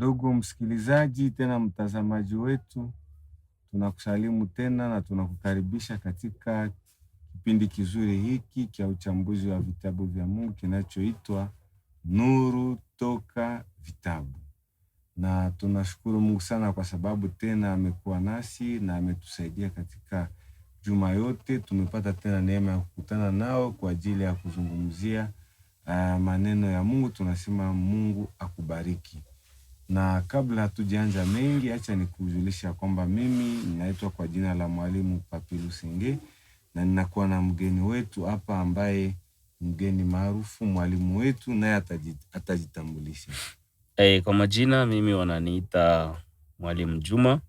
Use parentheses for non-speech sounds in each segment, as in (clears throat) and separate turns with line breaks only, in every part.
Ndugu msikilizaji tena mtazamaji wetu, tunakusalimu tena na tunakukaribisha katika kipindi kizuri hiki cha uchambuzi wa vitabu vya Mungu kinachoitwa Nuru Toka Vitabu, na tunashukuru Mungu sana kwa sababu tena amekuwa nasi na ametusaidia katika juma yote. Tumepata tena neema ya kukutana nao kwa ajili ya kuzungumzia uh, maneno ya Mungu. Tunasema Mungu akubariki. Na kabla hatujaanza mengi, acha nikujulisha kwamba mimi ninaitwa kwa jina la Mwalimu Papi Lusenge na ninakuwa na mgeni wetu hapa ambaye mgeni maarufu mwalimu wetu naye atajitambulisha.
Hey, eh, kwa majina mimi wananiita Mwalimu Juma.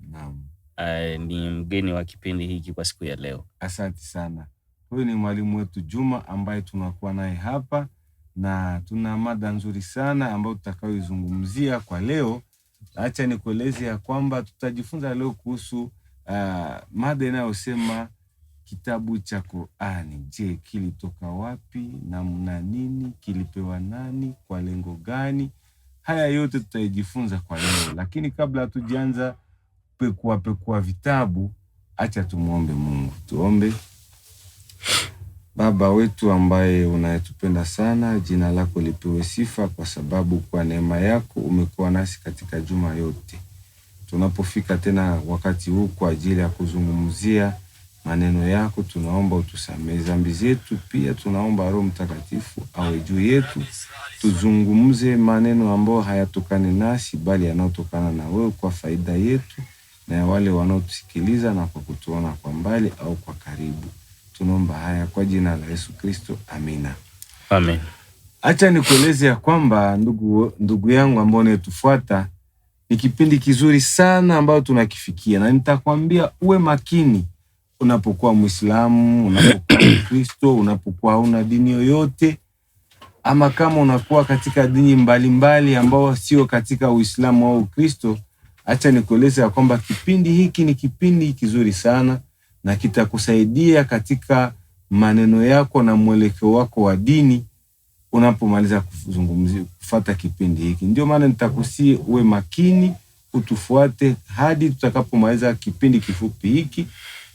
Naam. Ay, eh, ni mgeni wa kipindi hiki kwa siku ya leo.
Asante sana. Huyu ni mwalimu wetu Juma ambaye tunakuwa naye hapa na tuna mada nzuri sana ambayo tutakayoizungumzia kwa leo. Acha nikueleze ya kwamba tutajifunza leo kuhusu uh, mada inayosema kitabu cha Qur'ani. Je, kilitoka wapi? Namna nini? Kilipewa nani? Kwa lengo gani? Haya yote tutaijifunza kwa leo, lakini kabla hatujaanza pekuapekua vitabu, acha tumwombe Mungu. Tuombe. Baba wetu ambaye unayetupenda sana, jina lako lipewe sifa, kwa sababu kwa neema yako umekuwa nasi katika juma yote. Tunapofika tena wakati huu kwa ajili ya kuzungumzia maneno yako, tunaomba utusamehe dhambi zetu. Pia tunaomba Roho Mtakatifu awe juu yetu, tuzungumze maneno ambayo hayatokani nasi, bali yanayotokana na wewe, kwa faida yetu na ya wale wanaotusikiliza na kwa kutuona kwa mbali au kwa karibu. Tunaomba haya kwa jina la Yesu Kristo, amina. Amen. Acha nikueleze ya kwamba ndugu, ndugu yangu ambao unayetufuata ni kipindi kizuri sana ambayo tunakifikia, na nitakwambia uwe makini unapokuwa Mwislamu, unapokuwa (coughs) Mkristo, unapokuwa hauna dini yoyote, ama kama unakuwa katika dini mbalimbali ambao sio katika Uislamu au Ukristo, acha nikueleze ya kwamba kipindi hiki ni kipindi kizuri sana na kitakusaidia katika maneno yako na mwelekeo wako wa dini unapomaliza kuzungumzia kufata kipindi hiki. Ndio maana nitakusii uwe makini, utufuate hadi tutakapomaliza kipindi kifupi hiki,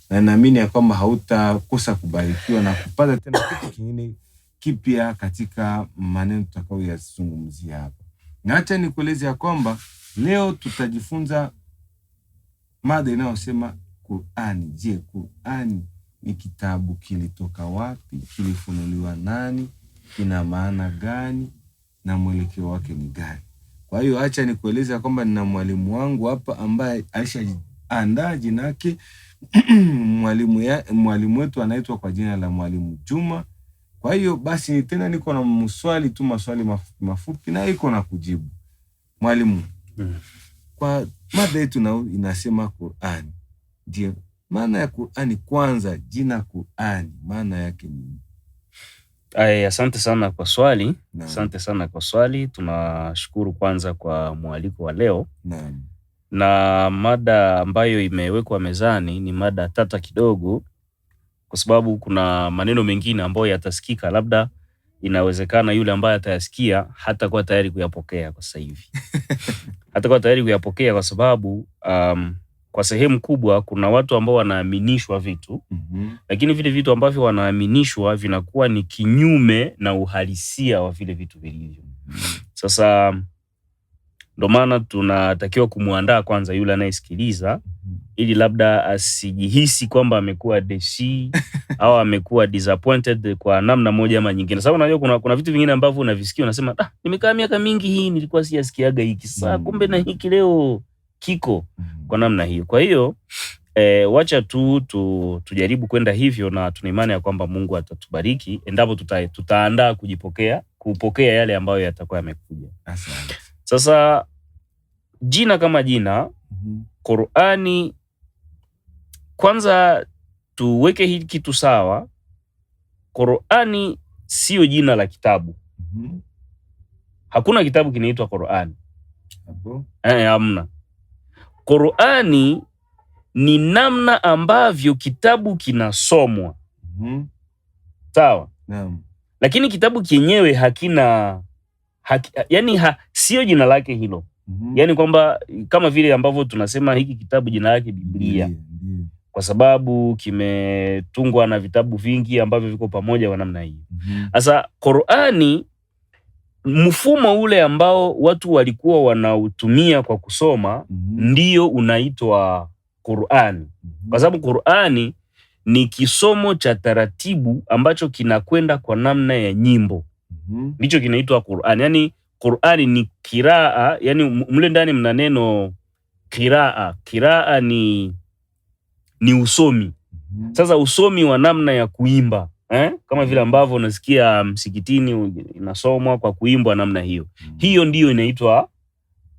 na naamini ya kwamba hautakosa kubarikiwa na kupata tena kitu kingine kipya katika maneno tutakayoyazungumzia hapa. Na nikueleze ya kwamba leo tutajifunza mada inayosema Qurani. Je, Qurani ni kitabu kilitoka wapi? Kilifunuliwa nani? Kina maana gani? Na mwelekeo wake ni gani? Kwa hiyo acha nikueleze kwamba nina mwalimu wangu hapa ambaye alishaandaa jina yake (clears throat) mwalimu, mwalimu wetu anaitwa kwa jina la Mwalimu Juma. Kwa hiyo basi tena niko na mswali tu maswali mafupi mafupi na iko na kujibu mwalimu. Mm. Kwa mada yetu inasema Qurani ndio maana ya Qurani. Ah, kwanza jina Qurani ah, maana yake ni
Ay, asante sana kwa swali Asante sana kwa swali. Tunashukuru kwanza kwa mwaliko wa leo na, na mada ambayo imewekwa mezani ni mada tata kidogo, kwa sababu kuna maneno mengine ambayo yatasikika, labda inawezekana yule ambaye atayasikia hata kuwa tayari kuyapokea kwa sasa hivi (laughs) hatakuwa tayari kuyapokea kwa sababu um, kwa sehemu kubwa kuna watu ambao wanaaminishwa vitu mm -hmm. Lakini vile vitu ambavyo wanaaminishwa vinakuwa ni kinyume na uhalisia wa vile vitu vilivyo mm -hmm. Sasa ndo maana tunatakiwa kumwandaa kwanza yule anayesikiliza mm -hmm. ili labda asijihisi kwamba amekuwa deshi (laughs) au amekuwa disappointed kwa namna moja ama nyingine, sababu unajua kuna, kuna vitu vingine ambavyo unavisikia unasema, ah, nimekaa miaka mingi hii nilikuwa siyasikiaga hiki sasa, mm. kumbe na hiki leo kiko mhm. kwa namna hiyo. Kwa hiyo e, wacha tu, tu tujaribu kwenda hivyo, na tuna imani ya kwamba Mungu atatubariki endapo tuta, tutaandaa kujipokea kupokea yale ambayo yatakuwa yamekuja. Sasa jina kama jina mhm. Qur'ani, kwanza tuweke hii kitu sawa. Qur'ani siyo jina la kitabu. Mhm. Hakuna kitabu kinaitwa Qur'ani. Eh, hamna. Qur'ani ni namna ambavyo kitabu kinasomwa mm -hmm. Sawa naam. Lakini kitabu kenyewe hakina haki, yani ha, sio jina lake hilo mm -hmm. Yani kwamba kama vile ambavyo tunasema hiki kitabu jina lake Biblia mm -hmm. Kwa sababu kimetungwa na vitabu vingi ambavyo viko pamoja kwa namna hii mhm. sasa mm -hmm. Qur'ani mfumo ule ambao watu walikuwa wanautumia kwa kusoma mm -hmm. ndio unaitwa Qur'ani mm -hmm. Kwa sababu Qur'ani ni kisomo cha taratibu ambacho kinakwenda kwa namna ya nyimbo mhm. ndicho mm -hmm. kinaitwa Qur'ani. Yani Qur'ani ni kiraa, yani mle ndani mna neno kiraa. Kiraa ni, ni usomi mm -hmm. Sasa usomi wa namna ya kuimba eh? Kama vile mm. ambavyo unasikia msikitini inasomwa kwa kuimbwa namna hiyo mm. Hiyo ndiyo inaitwa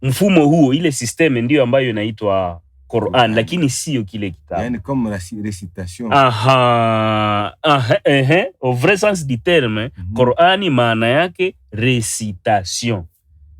mfumo huo, ile system ndiyo ambayo inaitwa Qur'an Lakini sio kile kitabu, yani Aha, au vrai sens du terme mm -hmm. maana yake recitation.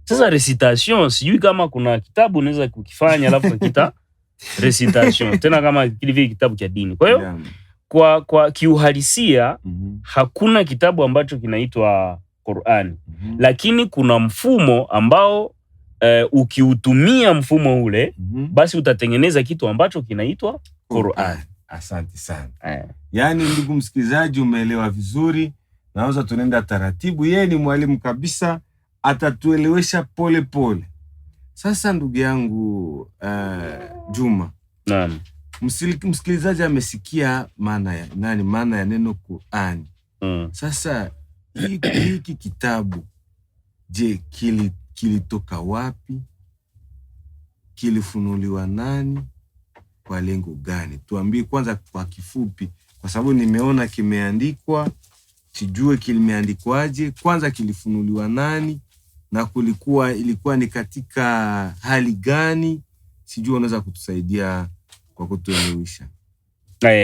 Sasa oh. recitation, sijui kama kuna kitabu unaweza kukifanya alafu kita (laughs) recitation tena kama kile vile kitabu cha dini, kwa hiyo kwa, kwa kiuhalisia mm -hmm. hakuna kitabu ambacho kinaitwa Qur'ani mm -hmm. lakini kuna mfumo ambao e, ukiutumia mfumo ule mm -hmm. basi utatengeneza kitu ambacho kinaitwa Qur'an.
Asante sana eh. Yaani, ndugu msikilizaji, umeelewa vizuri, naweza tunaenda taratibu. Yeye ni mwalimu kabisa, atatuelewesha pole pole. Sasa ndugu yangu uh, Juma, Nani msikilizaji amesikia maana ya nani, maana ya neno kurani Mm. Sasa hiki kitabu je, kilitoka kili wapi? Kilifunuliwa nani? Kwa lengo gani? Tuambie kwanza kwa kifupi, kwa sababu nimeona kimeandikwa, sijue kilimeandikwaje. Kwanza kilifunuliwa nani na kulikuwa ilikuwa ni katika hali gani? Sijui unaweza kutusaidia kwa kutuelimisha.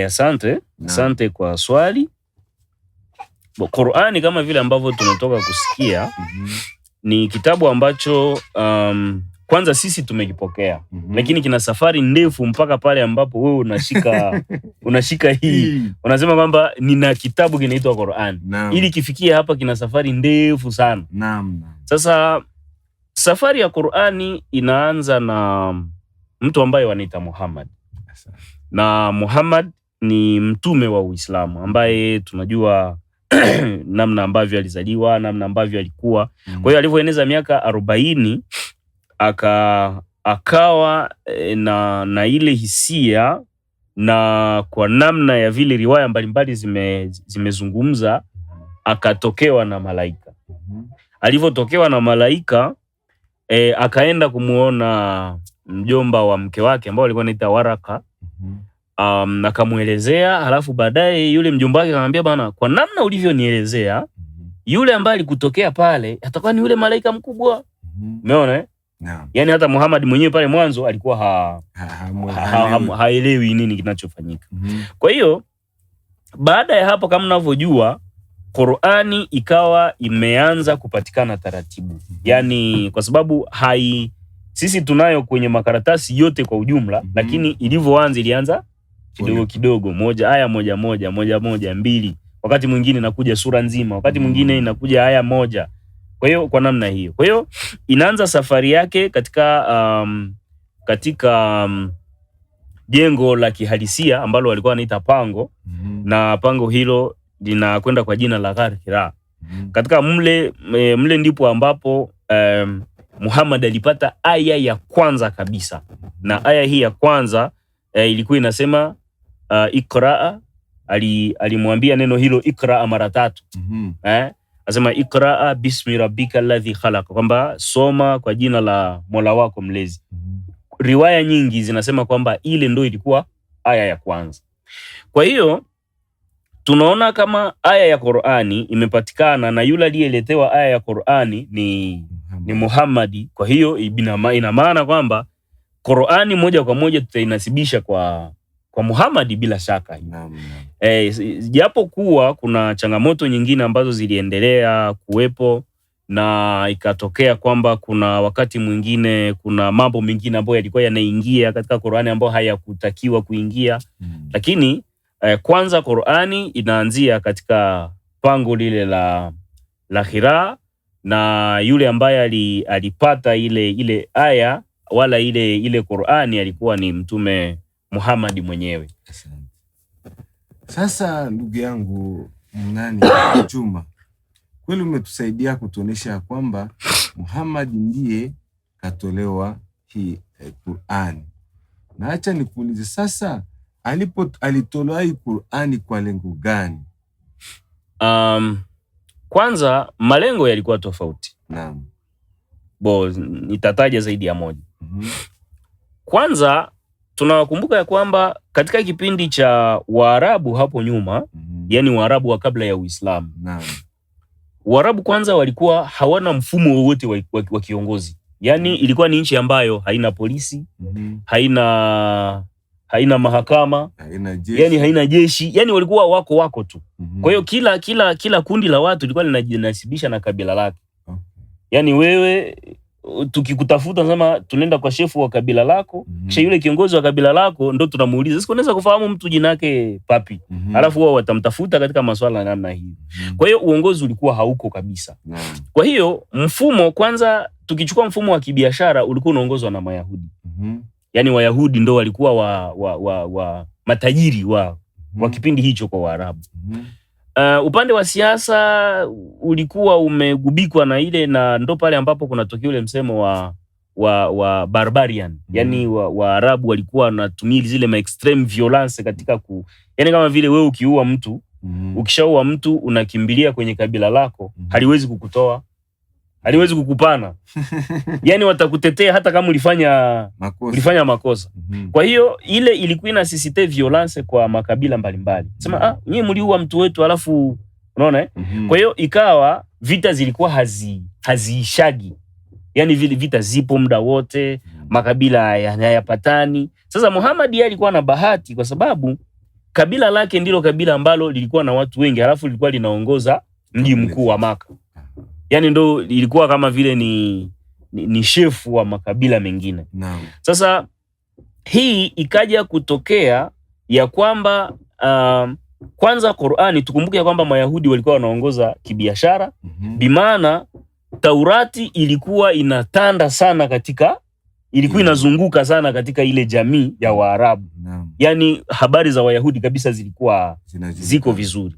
Asante, asante kwa swali. Qur'ani kama vile ambavyo tumetoka kusikia mm -hmm. ni kitabu ambacho um, kwanza sisi tumekipokea mm -hmm. lakini kina safari ndefu mpaka pale ambapo wewe unashika (laughs) unashika hii unasema kwamba nina kitabu kinaitwa Qur'an ili kifikie hapa, kina safari ndefu sana. Naam, Sasa safari ya Qur'ani inaanza na mtu ambaye wanaita Muhammad na Muhammad ni mtume wa Uislamu ambaye tunajua (clears throat) namna ambavyo alizaliwa, namna ambavyo alikuwa mm. Kwa hiyo alivyoeneza miaka arobaini aka akawa e, na, na ile hisia na kwa namna ya vile riwaya mbalimbali zime, zimezungumza akatokewa na malaika mm -hmm. Alivyotokewa na malaika e, akaenda kumuona mjomba wa mke wake ambao alikuwa anaita Waraka mhm. um, akamwelezea, halafu baadaye yule mjomba wake akamwambia, bana, kwa namna ulivyonielezea mhm. yule ambaye alikutokea pale atakuwa ni yule malaika mkubwa mhm. umeona mm -hmm. No. Yaani hata Muhammad mwenyewe pale mwanzo alikuwa ha, haelewi ha, ha, ha, ha, nini kinachofanyika. mm -hmm. Kwa hiyo baada ya hapo, kama mnavyojua, Qur'ani ikawa imeanza kupatikana taratibu, Mm -hmm. yaani kwa sababu hai sisi tunayo kwenye makaratasi yote kwa ujumla mm -hmm. Lakini ilivyoanza ilianza kidogo kidogo, moja aya moja moja moja moja mbili, wakati mwingine inakuja sura nzima, wakati mhm. mwingine inakuja aya moja. Kwa hiyo kwa namna hiyo, kwa hiyo inaanza safari yake katika um, katika um, jengo la kihalisia ambalo walikuwa wanaita pango mm -hmm. na pango hilo linakwenda kwa jina la gharhira mm -hmm. katika mle eh, mle ndipo ambapo um, Muhammad alipata aya ya kwanza kabisa, na aya hii ya kwanza eh, ilikuwa inasema uh, ikraa. Alimwambia neno hilo ikraa mara tatu mm -hmm. eh? Asema ikraa bismi rabbika alladhi khalaq, kwamba soma kwa jina la Mola wako mlezi mm -hmm. Riwaya nyingi zinasema kwamba ile ndo ilikuwa aya ya kwanza. Kwa hiyo tunaona kama aya ya Qur'ani imepatikana na yule aliyeletewa aya ya Qur'ani ni ni muhamadi Kwa hiyo ina maana kwamba Qur'ani moja kwa moja tutainasibisha kwa kwa Muhammad bila shaka. Eh, japo kuwa kuna changamoto nyingine ambazo ziliendelea kuwepo na ikatokea kwamba kuna wakati mwingine kuna mambo mengine ambayo yalikuwa yanaingia katika Qur'ani ambayo hayakutakiwa kuingia hmm. Lakini eh, kwanza Qur'ani inaanzia katika pango lile la la Hira na yule ambaye alipata ile ile aya wala ile ile Qur'ani alikuwa ni Mtume Muhammad mwenyewe.
Sasa ndugu yangu nani (coughs) Juma, kweli umetusaidia kutuonesha kwamba Muhammad ndiye katolewa hii eh, Qur'ani. Na acha nikuulize sasa, alipo alitolewa hii Qur'ani kwa lengo gani?
um, kwanza malengo yalikuwa tofauti. Naam. Bo, nitataja zaidi ya moja. mm -hmm. Kwanza tunawakumbuka ya kwamba katika kipindi cha Waarabu hapo nyuma mm -hmm. yani Waarabu wa kabla ya Uislamu. Naam. Waarabu kwanza walikuwa hawana mfumo wowote wa, wa, wa kiongozi. yani mhm. ilikuwa ni nchi ambayo haina polisi, mm -hmm. haina haina mahakama haina jeshi. Yani haina jeshi, yani walikuwa wako wako tu mm -hmm. Kwa hiyo kila kila kila kundi la watu lilikuwa linajinasibisha na kabila lake okay. Yani wewe tukikutafuta nasema tunaenda kwa shefu wa kabila lako mm -hmm. Kisha yule kiongozi wa kabila lako ndo tunamuuliza. Sasa unaweza kufahamu mtu jina yake papi mm -hmm. Alafu wao watamtafuta katika masuala ya namna hiyo mm -hmm. Kwa hiyo uongozi ulikuwa hauko kabisa mm -hmm. Kwa hiyo mfumo kwanza, tukichukua mfumo wa kibiashara ulikuwa unaongozwa na Mayahudi mm -hmm yani Wayahudi ndo walikuwa wa, wa, wa, wa matajiri wa, wa mhm. kipindi hicho kwa Waarabu mhm. uh, upande wa siasa ulikuwa umegubikwa na ile na ndo pale ambapo kunatokea ule msemo wa wa wa barbarian mm yani Waarabu wa walikuwa wanatumia zile ma extreme violence katika ku yani kama vile wewe ukiua mtu mm ukishaua mtu unakimbilia kwenye kabila lako mm haliwezi kukutoa aliwezi kukupana (laughs) yani, watakutetea hata kama ulifanya makosa, ulifanya makosa. Mm -hmm. Kwa hiyo ile ilikuwa inasisite violence kwa makabila mbalimbali sema, mm -hmm. ah, nyie mliua mtu wetu alafu unaona eh? mm -hmm. Kwa hiyo ikawa vita zilikuwa hazi haziishagi yani, vile vita zipo muda wote, mhm. makabila hayapatani. Sasa Muhammad yeye alikuwa na bahati kwa sababu kabila lake ndilo kabila ambalo lilikuwa na watu wengi alafu lilikuwa linaongoza mji mkuu wa Maka yani ndo ilikuwa kama vile ni, ni, ni shefu wa makabila mengine no. Sasa hii ikaja kutokea ya kwamba uh, kwanza Qur'ani tukumbuke ya kwamba Mayahudi walikuwa wanaongoza kibiashara mm -hmm. bimaana Taurati ilikuwa inatanda sana katika ilikuwa yeah. Mm. inazunguka sana katika ile jamii ya Waarabu yeah. Yani habari za Wayahudi kabisa zilikuwa ziko vizuri.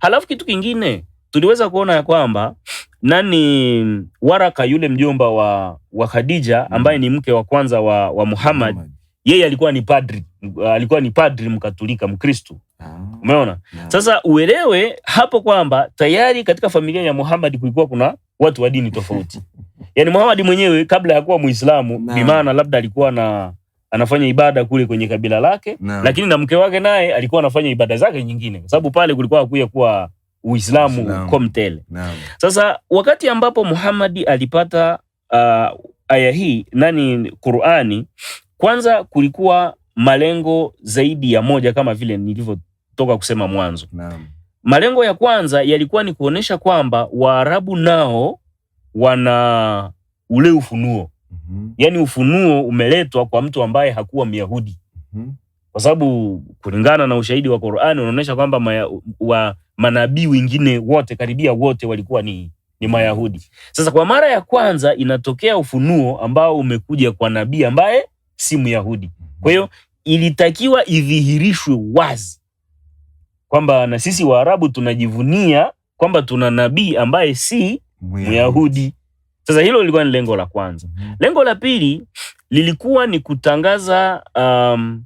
Halafu kitu kingine tuliweza kuona ya kwamba nani Waraka yule mjomba wa, wa Khadija mm-hmm. ambaye ni mke wa kwanza wa, wa Muhammad yeye alikuwa ni padri, alikuwa ni padri mkatulika Mkristo. Ah. Umeona? Sasa uelewe hapo kwamba tayari katika familia ya Muhammad kulikuwa kuna watu wa dini tofauti. (laughs) Yani Muhammad mwenyewe kabla ya kuwa Muislamu, bi maana labda alikuwa na anafanya ibada kule kwenye kabila lake, lakini na mke wake naye alikuwa anafanya ibada zake nyingine, kwa sababu pale kulikuwa hakuja hakuya kuwa Uislamu uko mtele. Sasa wakati ambapo Muhammad alipata uh, aya hii nani Qur'ani, kwanza kulikuwa malengo zaidi ya moja kama vile nilivyotoka kusema mwanzo. Naam. Malengo ya kwanza yalikuwa ni kuonesha kwamba Waarabu nao wana ule ufunuo. Mm -hmm. Yaani ufunuo umeletwa kwa mtu ambaye hakuwa Myahudi. Mm -hmm kwa sababu kulingana na ushahidi wa Qur'ani unaonyesha kwamba wa manabii wengine wote karibia wote walikuwa ni, ni Mayahudi. Sasa kwa mara ya kwanza inatokea ufunuo ambao umekuja kwa nabii ambaye si Myahudi. Kwa hiyo ilitakiwa idhihirishwe wazi kwamba na sisi Waarabu tunajivunia kwamba tuna nabii ambaye si Myahudi. Sasa hilo lilikuwa ni lengo la kwanza. Mhm. Lengo la pili lilikuwa ni kutangaza um,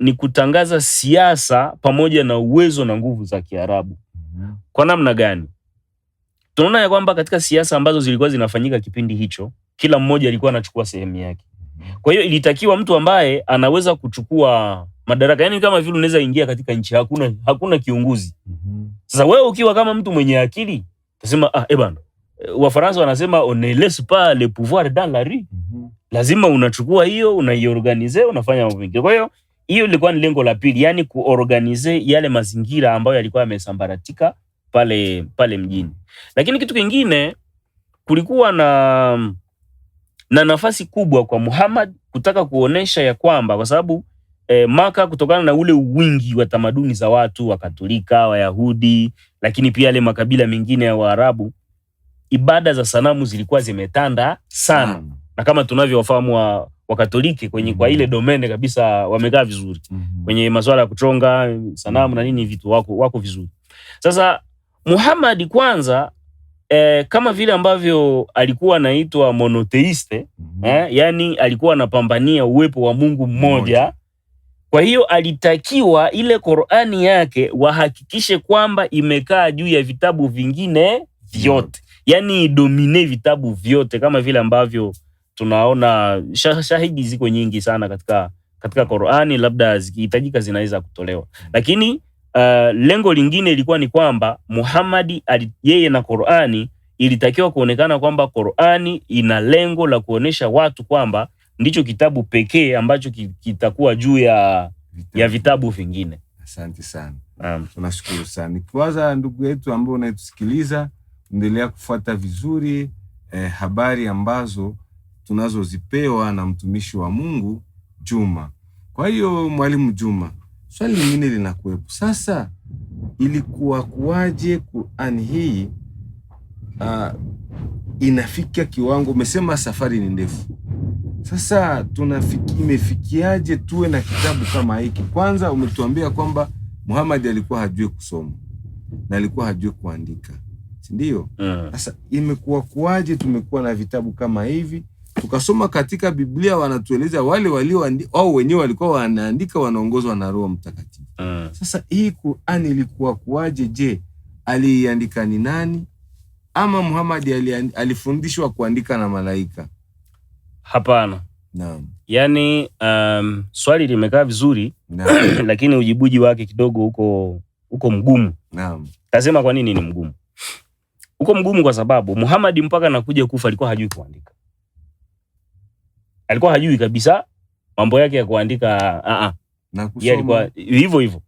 ni kutangaza siasa pamoja na uwezo na nguvu za Kiarabu. Mhm. Kwa namna gani? Tunaona ya kwamba katika siasa ambazo zilikuwa zinafanyika kipindi hicho, kila mmoja alikuwa anachukua sehemu yake. Mhm. Kwa hiyo ilitakiwa mtu ambaye anaweza kuchukua madaraka, yani kama vile unaweza ingia katika nchi hakuna hakuna kiongozi. Mhm. Sasa wewe ukiwa kama mtu mwenye akili utasema ah, eh bana, eh, Wafaransa wanasema on ne laisse pas le pouvoir dans la rue. Mm -hmm. Lazima unachukua hiyo, unaiorganize, unafanya mambo mengi. Kwa hiyo hiyo ilikuwa ni lengo la pili, yani kuorganize yale mazingira ambayo yalikuwa yamesambaratika pale pale mjini. Lakini kitu kingine, kulikuwa na na nafasi kubwa kwa Muhammad kutaka kuonesha ya kwamba kwa sababu e, Maka kutokana na ule wingi wa tamaduni za watu wa Katolika, Wayahudi, lakini pia yale makabila mengine ya Waarabu, ibada za sanamu zilikuwa zimetanda sana, na kama tunavyowafahamu wa Wakatoliki kwenye mm -hmm. kwa ile domene kabisa wamekaa vizuri mm -hmm. kwenye masuala ya kuchonga sanamu na nini vitu wako, wako vizuri. Sasa Muhammad kwanza eh, kama vile ambavyo alikuwa anaitwa monoteiste mm -hmm. eh, yani alikuwa anapambania uwepo wa Mungu mmoja mm -hmm. Kwa hiyo alitakiwa ile Qur'ani yake wahakikishe kwamba imekaa juu ya vitabu vingine vyote, yani domine vitabu vyote kama vile ambavyo tunaona shahidi ziko nyingi sana katika, katika Qur'ani, labda zikihitajika zinaweza kutolewa, lakini uh, lengo lingine ilikuwa ni kwamba Muhammad yeye na Qur'ani ilitakiwa kuonekana kwamba Qur'ani ina lengo la kuonesha watu kwamba ndicho kitabu pekee ambacho kitakuwa juu ya vitabu, ya vitabu vingine.
Asante sana. Um, tunashukuru sana nikiwaza ndugu yetu ambao unayetusikiliza endelea kufuata vizuri eh, habari ambazo tunazozipewa na mtumishi wa Mungu Juma. Kwa hiyo mwalimu Juma, swali lingine linakuwepo sasa, ilikuwa kuwaje Qur'an hii uh, ah, inafika kiwango? Umesema safari ni ndefu, sasa tunafiki, imefikiaje tuwe na kitabu kama hiki? Kwanza umetuambia kwamba Muhammad alikuwa hajui kusoma na alikuwa hajui kuandika, si ndio? Eh. Sasa imekuwa kuwaje tumekuwa na vitabu kama hivi tukasoma katika Biblia wanatueleza wale walio au wenyewe walikuwa wanaandika wanaongozwa na Roho Mtakatifu. Uh. Sasa hii Qur'ani ilikuwa kuwaje? Je, aliiandika ni nani? Ama Muhammad alifundishwa kuandika na malaika?
Hapana. Naam. Yaani, um, swali limekaa vizuri (clears throat) lakini ujibuji wake kidogo uko uko mgumu. Naam. Tasema kwa nini ni mgumu? Uko mgumu kwa sababu Muhammad mpaka anakuja kufa alikuwa hajui kuandika alikuwa hajui kabisa mambo yake ya kuandika a ah, a ah. na yeye alikuwa hivyo hivyo.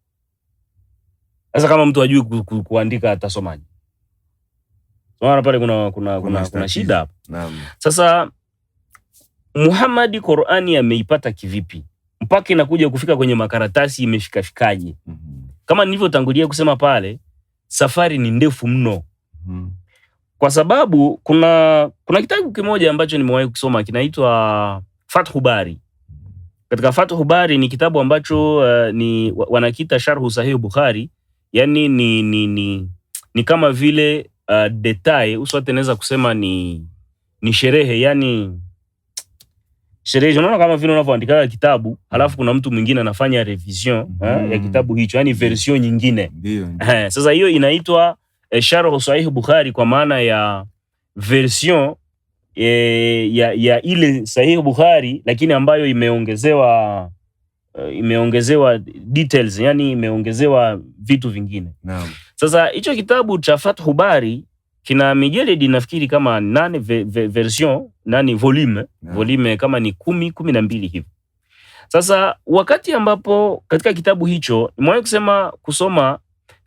Sasa kama mtu hajui ku, ku, kuandika atasomaje? Maana pale kuna kuna kuna, kuna kuna shida hapo. Sasa Muhammad Qur'ani ameipata kivipi mpaka inakuja kufika kwenye makaratasi imefikafikaje? mm -hmm. Kama nilivyotangulia kusema pale, safari ni ndefu mno. mm -hmm. Kwa sababu kuna kuna kitabu kimoja ambacho nimewahi kusoma kinaitwa Fathu Bari. Katika Fathu Bari ni kitabu ambacho uh, ni wanakita Sharhu Sahihu Bukhari, yani ni, ni, ni, ni kama vile uh, detail usiwate naweza kusema ni ni sherehe yani sherehe. Unaona kama vile unavyoandika kitabu halafu kuna mtu mwingine anafanya revision uh, mm -hmm. ha, ya kitabu hicho yani version nyingine ndiyo, ndiyo. Eh, sasa hiyo inaitwa eh, Sharh Sahih Bukhari kwa maana ya version e, ya, ya ile sahihi Bukhari lakini ambayo imeongezewa uh, imeongezewa details, yani imeongezewa vitu vingine. Naam. Sasa hicho kitabu cha Fathu Bari kina mijeledi nafikiri kama nane ve, ve, version nani volume yeah. volume kama ni kumi kumi na mbili hivi. Sasa wakati ambapo katika kitabu hicho nimewahi kusema kusoma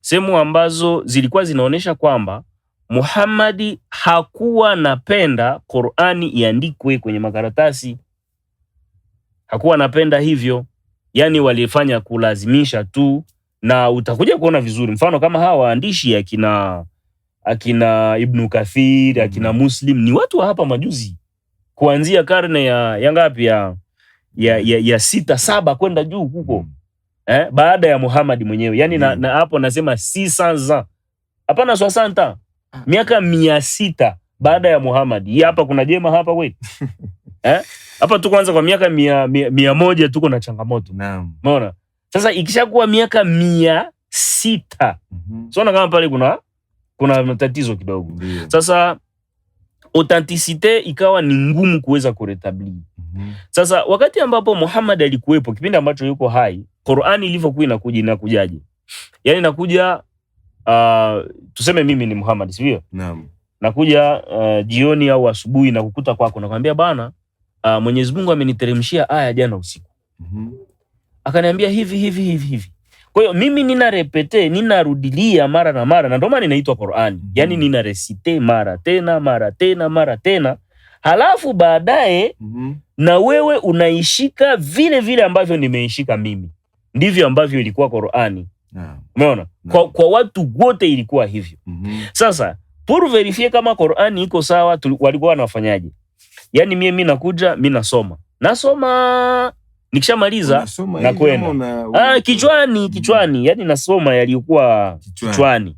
sehemu ambazo zilikuwa zinaonyesha kwamba Muhammad hakuwa napenda Qur'ani iandikwe kwenye makaratasi, hakuwa napenda hivyo, yaani walifanya kulazimisha tu, na utakuja kuona vizuri. Mfano kama hawa waandishi akina akina Ibnu Kathir akina Muslim ni watu wa hapa majuzi, kuanzia karne ya, ya ngapi ya, ya, ya, ya sita saba kwenda juu huko mm. eh, baada ya Muhammad mwenyewe yaani mm. na hapo na nasema si sanza hapana swasanta Ah. miaka mia sita baada ya Muhammad. Hapa kuna jema hapa kweli? (laughs) Eh? Hapa tu kwanza kwa miaka mia, mia, mia moja tuko na changamoto. Naam. Umeona? Sasa ikishakuwa miaka mia sita. Mm -hmm. Sona kama pale kuna kuna matatizo kidogo. Ndiyo. Sasa authenticite ikawa ni ngumu kuweza kuretabli. Mm -hmm. Sasa wakati ambapo Muhammad alikuwepo, kipindi ambacho yuko hai, Qur'ani ilivyokuwa inakuja inakujaje? Yaani inakuja uh, tuseme mimi ni Muhammad, sivyo? Naam. Nakuja uh, jioni au asubuhi na kukuta kwako, nakwambia bana, uh, Mwenyezi Mungu ameniteremshia aya jana usiku. mm -hmm. Akaniambia hivi hivi hivi hivi. Kwa hiyo mimi nina repete, ninarudilia mara na mara, na ndio maana inaitwa Qur'ani. mm -hmm. Yaani nina resite mara tena mara tena mara tena halafu baadaye mm -hmm. na wewe unaishika vile vile ambavyo nimeishika mimi, ndivyo ambavyo ilikuwa Qur'ani. Umeona? Kwa, kwa watu wote ilikuwa hivyo. mm -hmm. Sasa purverifie kama Qur'ani iko sawa, walikuwa wanafanyaje? Yaani mie mi nakuja mi nasoma nasoma nikishamaliza na kwenda una... ah, kichwani mhm. kichwani mm. Yaani nasoma yaliyokuwa kichwani,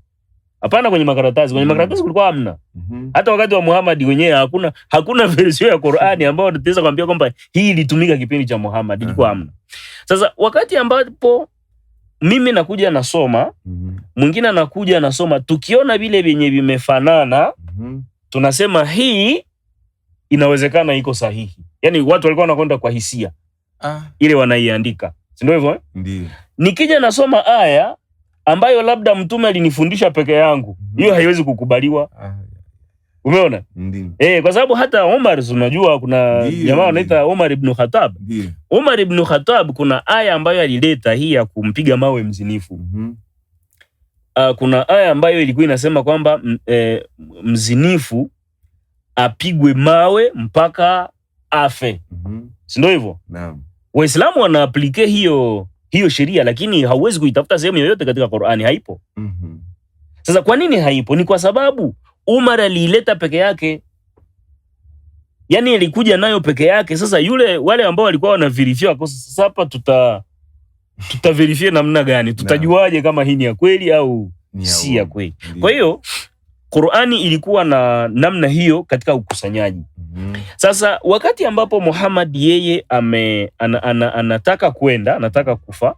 hapana kwenye makaratasi. Kwenye mhm. makaratasi kulikuwa hamna mm -hmm. Hata wakati wa Muhammad wenyewe hakuna hakuna (laughs) versio ya Qur'ani ambayo tunaweza kuambia kwamba hii ilitumika kipindi cha Muhammad, ilikuwa mhm. hamna. Sasa wakati ambapo mimi nakuja nasoma mhm. mwingine, mm -hmm. anakuja nasoma, tukiona vile vyenye vimefanana mm -hmm. tunasema hii inawezekana iko sahihi. Yani watu walikuwa wanakwenda kwa hisia ah. ile wanaiandika, si ndio hivyo eh? Ndio nikija nasoma aya ambayo labda mtume alinifundisha peke yangu mhm. hiyo mm -hmm. haiwezi kukubaliwa. Ah. Umeona? Ndiyo. Eh, kwa sababu hata Omar unajua kuna jamaa wanaita Omar ibn Khattab. Ndiyo. Omar ibn Khattab kuna aya ambayo alileta hii ya kumpiga mawe mzinifu. Mm -hmm. Uh, kuna aya ambayo ilikuwa inasema kwamba e, mzinifu apigwe mawe mpaka afe. Mm -hmm. Si ndio hivyo? Naam. Waislamu wana aplike hiyo hiyo sheria lakini hauwezi kuitafuta sehemu yoyote katika Qur'ani, haipo. Mm -hmm. Sasa kwa nini haipo? Ni kwa sababu Umar aliileta peke yake, yaani alikuja nayo peke yake. Sasa yule wale ambao walikuwa verify wako sasa, hapa tuta verify namna gani? Tutajuaje kama hii ni ya kweli au si ya kweli? Kwa hiyo Qur'ani ilikuwa na namna hiyo katika ukusanyaji. Mm -hmm. Sasa wakati ambapo Muhammad yeye ame an, an, anataka kwenda anataka kufa,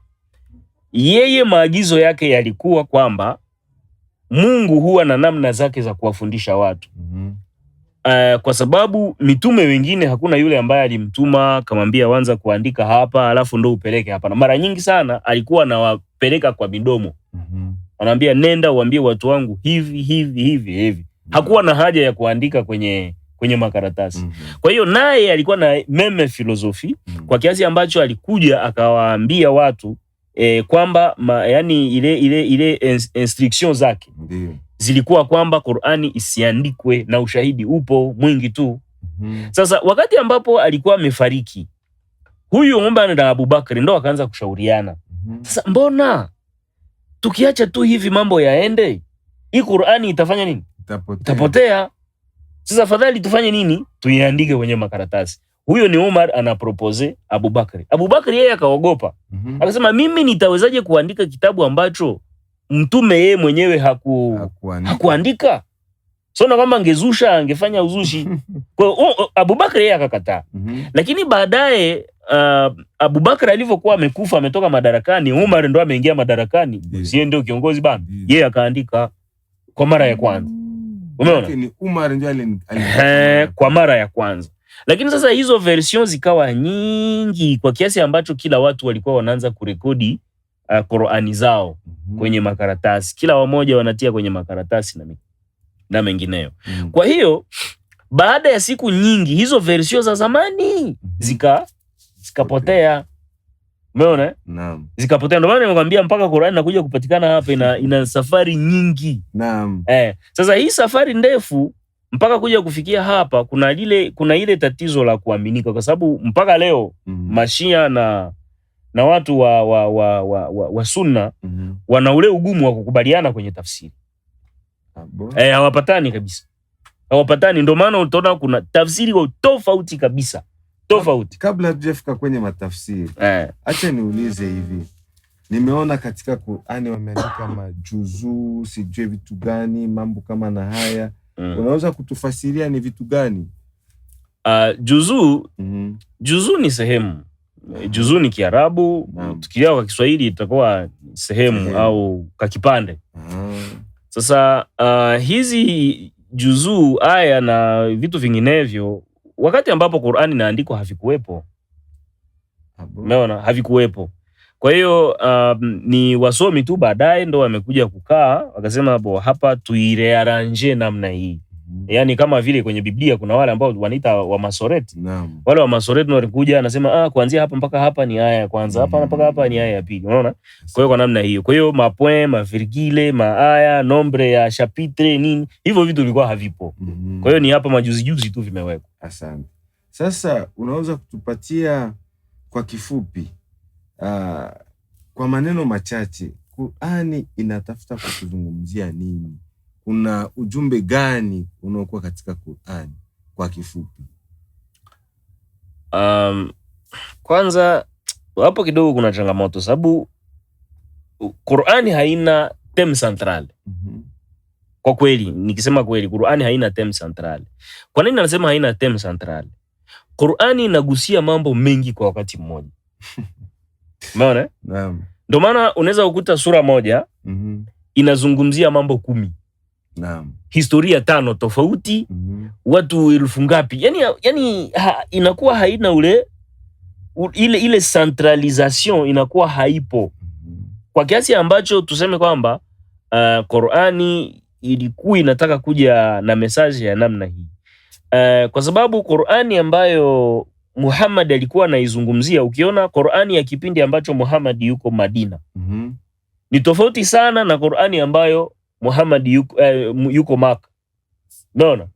yeye maagizo yake yalikuwa kwamba Mungu huwa na namna zake za kuwafundisha watu mm -hmm. Uh, kwa sababu mitume wengine hakuna yule ambaye alimtuma kamwambia wanza kuandika hapa alafu ndo upeleke hapa, na mara nyingi sana alikuwa anawapeleka kwa midomo mm -hmm. Anaambia nenda uambie watu wangu hivi hivi hivi hivi mm -hmm. Hakuwa na haja ya kuandika kwenye kwenye makaratasi mm -hmm. Kwa hiyo naye alikuwa na meme filosofi mm -hmm. Kwa kiasi ambacho alikuja akawaambia watu e, kwamba ma, yani ile, ile, ile instruction zake ndio zilikuwa kwamba Qur'ani isiandikwe na ushahidi upo mwingi tu mm -hmm. Sasa wakati ambapo alikuwa amefariki huyu Umar na Abubakar ndo akaanza kushauriana mm -hmm. Sasa mbona tukiacha tu hivi mambo yaende, hii Qur'ani itafanya nini? Itapotea. Itapotea. Sasa fadhali tufanye nini? Tuiandike kwenye makaratasi. Huyo ni Umar anapropose Abubakari. Abubakari yeye akaogopa. mm -hmm. Akasema mimi nitawezaje kuandika kitabu ambacho mtume yeye mwenyewe haku, hakuandika. hakuandika. Sona kwamba angezusha angefanya uzushi. (laughs) Kwa hiyo oh, Abubakari yeye akakataa. mm -hmm. Lakini baadaye uh, Abubakari alivyokuwa amekufa ametoka madarakani, Umar ndo ameingia madarakani. Yes. ndio kiongozi bana. Yeye akaandika kwa mara ya kwanza. Mm. Umeona?
Umar ndio alikuwa
kwa mara ya kwanza. Lakini sasa hizo version zikawa nyingi kwa kiasi ambacho kila watu walikuwa wanaanza kurekodi uh, Qur'ani zao mm -hmm. kwenye makaratasi, kila wamoja wanatia kwenye makaratasi na, na mengineyo mm -hmm. kwa hiyo baada ya siku nyingi hizo version za zamani mhm. zika zikapotea, umeona? Naam, zikapotea. Ndio maana nimekwambia mpaka Qur'ani inakuja kupatikana hapa, ina, ina safari nyingi. Naam, eh, sasa hii safari ndefu mpaka kuja kufikia hapa kuna lile kuna ile tatizo la kuaminika, kwa sababu mpaka leo mm -hmm. mashia na na watu wa wa wa wa, wa, wa sunna mm -hmm. wana ule ugumu wa kukubaliana kwenye tafsiri eh, hawapatani kabisa, hawapatani. Ndio maana utaona kuna tafsiri wa tofauti kabisa, tofauti.
Kabla hatujafika kwenye matafsiri, eh, acha niulize hivi nimeona katika Qur'ani wameandika majuzu, sijui vitu gani, mambo kama na haya mm. unaweza kutufasiria ni vitu gani
uh, ah, juzuu? mm -hmm. Juzuu ni sehemu mm. juzuu ni Kiarabu mm. tukiao kwa Kiswahili itakuwa sehemu mm. au kipande mm. Sasa uh, hizi juzuu, aya na vitu vinginevyo, wakati ambapo Qur'ani inaandikwa havikuwepo, umeona, havikuwepo kwa hiyo um, ni wasomi tu baadaye ndo wamekuja kukaa wakasema, bo hapa tuirearanje namna hii mm Yaani kama vile kwenye Biblia kuna wale ambao wanaita Wamasoreti Naam. Wale Wamasoreti walikuja anasema, ah, kuanzia hapa mpaka hapa ni aya ya kwanza Hapa mhm. mpaka hapa ni aya ya pili, unaona. Kwa hiyo kwa namna hiyo, kwa hiyo mapoe mavirgile maaya nombre ya chapitre nini, hivyo vitu vilikuwa havipo mm -hmm. Kwa hiyo ni hapa majuzi juzi tu vimewekwa.
Asante. Sasa unaweza kutupatia kwa kifupi uh, kwa maneno machache Qurani inatafuta kutuzungumzia nini? Kuna ujumbe gani unaokuwa katika Qurani kwa kifupi?
Um, kwanza hapo kidogo kuna changamoto sababu Qurani haina theme central. mm -hmm. Kwa kweli nikisema kweli, Qurani haina theme central. Kwa nini nasema haina theme central? Qurani inagusia mambo mengi kwa wakati mmoja (laughs) Umeona? Eh? Naam. Ndio maana unaweza kukuta sura moja mm -hmm. inazungumzia mambo kumi. Naam. Historia tano tofauti mm -hmm. watu elfu ngapi? Yaani yaani ha, inakuwa haina ule u, ile ile centralization inakuwa haipo. Mm -hmm. Kwa kiasi ambacho tuseme kwamba uh, Qur'ani ilikuwa inataka kuja na mesaje ya namna hii. Uh, kwa sababu Qur'ani ambayo Muhammad alikuwa anaizungumzia. Ukiona Qur'ani ya kipindi ambacho Muhammad yuko Madina mm -hmm. ni tofauti sana na Qur'ani ambayo Muhammad yuko, eh, yuko Maka. Unaona?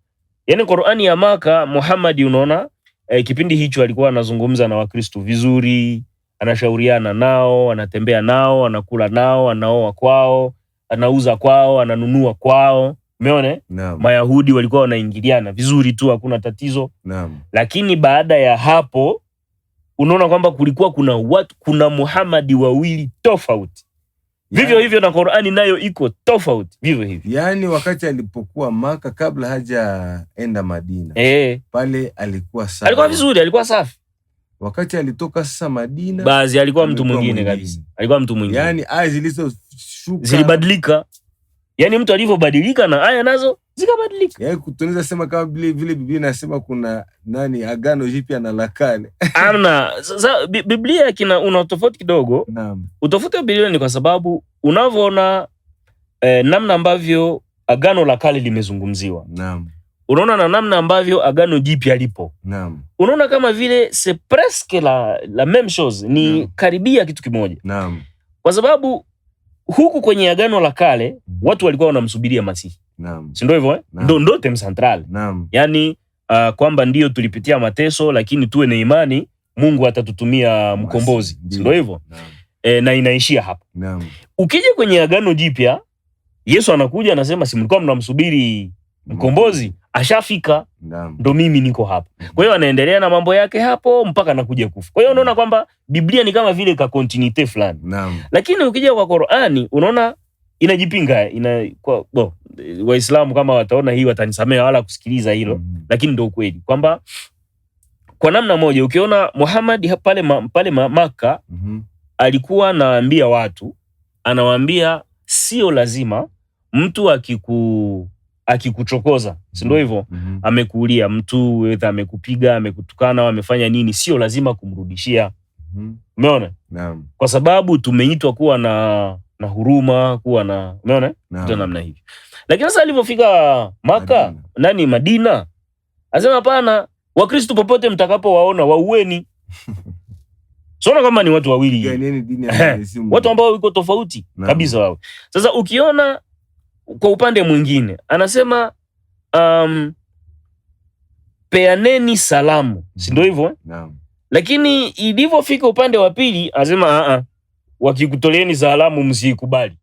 Yaani Qur'ani ya Maka Muhammad unaona eh, kipindi hicho alikuwa anazungumza na Wakristo vizuri, anashauriana nao, anatembea nao, anakula nao, anaoa kwao, anauza kwao, ananunua kwao. Umeona? Eh? Mayahudi walikuwa wanaingiliana vizuri tu, hakuna tatizo. Naam. Lakini baada ya hapo unaona kwamba kulikuwa kuna watu, kuna Muhamadi wawili tofauti yaani- Vivyo hivyo na Qur'ani nayo iko tofauti vivyo hivyo.
Yaani wakati alipokuwa Maka kabla hajaenda Madina e, pale alikuwa safi,
alikuwa vizuri, alikuwa safi.
Wakati alitoka sasa Madina,
basi alikuwa mtu mwingine kabisa, alikuwa mtu mwingine,
yaani aya zilizoshuka
zilibadilika yani mtu alivyobadilika na aya nazo zikabadilika.
Yaani sema kama vile Biblia inasema kuna nani agano jipya na la kale.
(laughs) Amna. Sasa Biblia kina una tofauti kidogo. Naam. Utofauti wa Biblia ni kwa sababu unavyoona eh, namna ambavyo agano la kale limezungumziwa. Naam. Unaona na namna ambavyo agano jipya lipo. Naam. Unaona kama vile c'est presque la la même chose ni Naam. karibia kitu kimoja. Naam. Kwa sababu huku kwenye Agano la Kale mm-hmm. watu walikuwa wanamsubiria Masihi, si ndio hivyo eh? Ndo ndo tem central, yaani uh, kwamba ndio tulipitia mateso, lakini tuwe na imani Mungu atatutumia mkombozi, si ndio hivyo e, na inaishia hapa. Ukija kwenye Agano Jipya, Yesu anakuja anasema, si mlikuwa mnamsubiri mm-hmm. mkombozi ashafika ndo mimi niko hapa. Kwa hiyo anaendelea na mambo yake hapo mpaka nakuja kufa. Kwa hiyo unaona kwamba Biblia ni kama vile ka continuity fulani, lakini ukija kwa Qur'ani unaona inajipinga ina, kwa bo Waislamu kama wataona hii watanisamea wala kusikiliza hilo mm Lakini ndo kweli kwamba kwa namna moja ukiona Muhammad pale ma, pale ma, Maka mm -hmm. alikuwa anawaambia watu, anawaambia sio lazima mtu akiku akikuchokoza, si ndio mhm. hivyo? mm -hmm. Amekuulia mtu edha, amekupiga, amekutukana, amefanya nini, sio lazima kumrudishia. Mhm. Umeona? mm -hmm. Kwa sababu tumeitwa kuwa na na huruma, kuwa na umeona kitu namna hivi. Lakini sasa alivyofika Maka Madina, nani Madina, asema hapana, Wakristo popote mtakapowaona waueni. Sona (laughs) kama ni watu wawili yaani, yaani watu ambao wiko tofauti kabisa wao. Sasa ukiona kwa upande mwingine anasema um, peaneni salamu, si ndio hivyo eh? Lakini ilivyofika upande wa pili anasema a ah, ah, wakikutoleeni salamu msiikubali